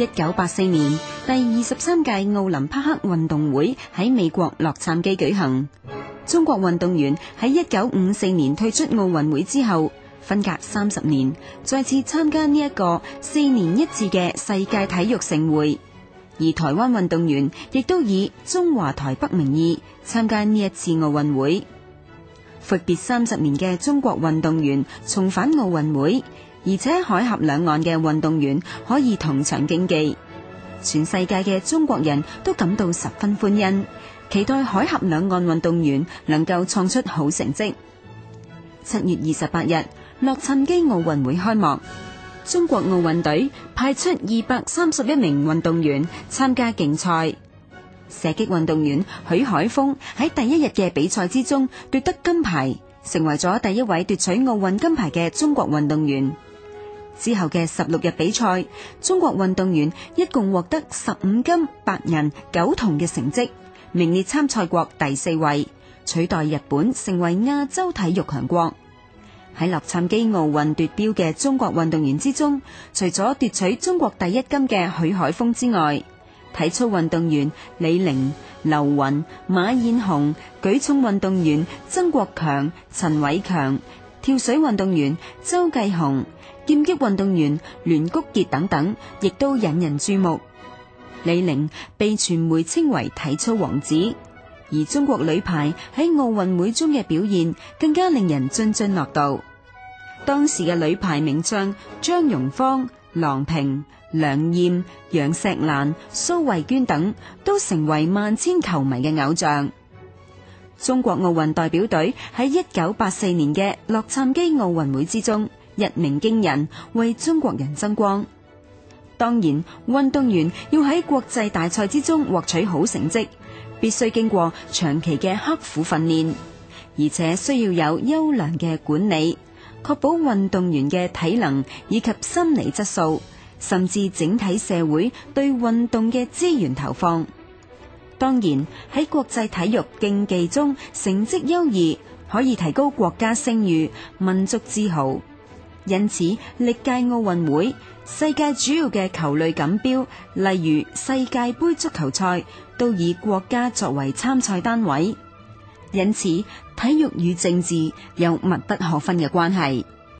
一九八四年第二十三屆奧林匹克運動會喺美國洛杉磯舉行。中國運動員喺一九五四年退出奧運會之後，分隔三十年，再次參加呢一個四年一次嘅世界體育盛會。而台灣運動員亦都以中華台北名義參加呢一次奧運會。闊別三十年嘅中國運動員重返奧運會。而且海峽兩岸嘅運動員可以同場競技，全世界嘅中國人都感到十分歡欣，期待海峽兩岸運動員能夠創出好成績。七月二十八日，洛杉磯奧運會開幕，中國奧運隊派出二百三十一名運動員參加競賽。射擊運動員許海峰喺第一日嘅比賽之中奪得金牌，成為咗第一位奪取奧運金牌嘅中國運動員。之後嘅十六日比賽，中國運動員一共獲得十五金、八銀、九銅嘅成績，名列參賽國第四位，取代日本成為亞洲體育強國。喺洛杉磯奧運奪標嘅中國運動員之中，除咗奪取中國第一金嘅許海峰之外，體操運動員李寧、劉雲、馬燕紅，舉重運動員曾國強、陳偉強。跳水運動員周繼紅、劍擊運動員欒菊杰等等，亦都引人注目。李寧被傳媒稱為體操王子，而中國女排喺奧運會中嘅表現更加令人津津樂道。當時嘅女排名將張蓉芳、郎平、梁艷、楊錫蘭、蘇慧娟等，都成為萬千球迷嘅偶像。中國奧運代表隊喺一九八四年嘅洛杉磯奧運會之中一鳴驚人，為中國人爭光。當然，運動員要喺國際大賽之中獲取好成績，必須經過長期嘅刻苦訓練，而且需要有優良嘅管理，確保運動員嘅體能以及心理質素，甚至整體社會對運動嘅資源投放。當然，喺國際體育競技中，成績優異可以提高國家聲譽、民族自豪。因此，歷屆奧運會、世界主要嘅球類錦標，例如世界杯足球賽，都以國家作為參賽單位。因此，體育與政治有密不可分嘅關係。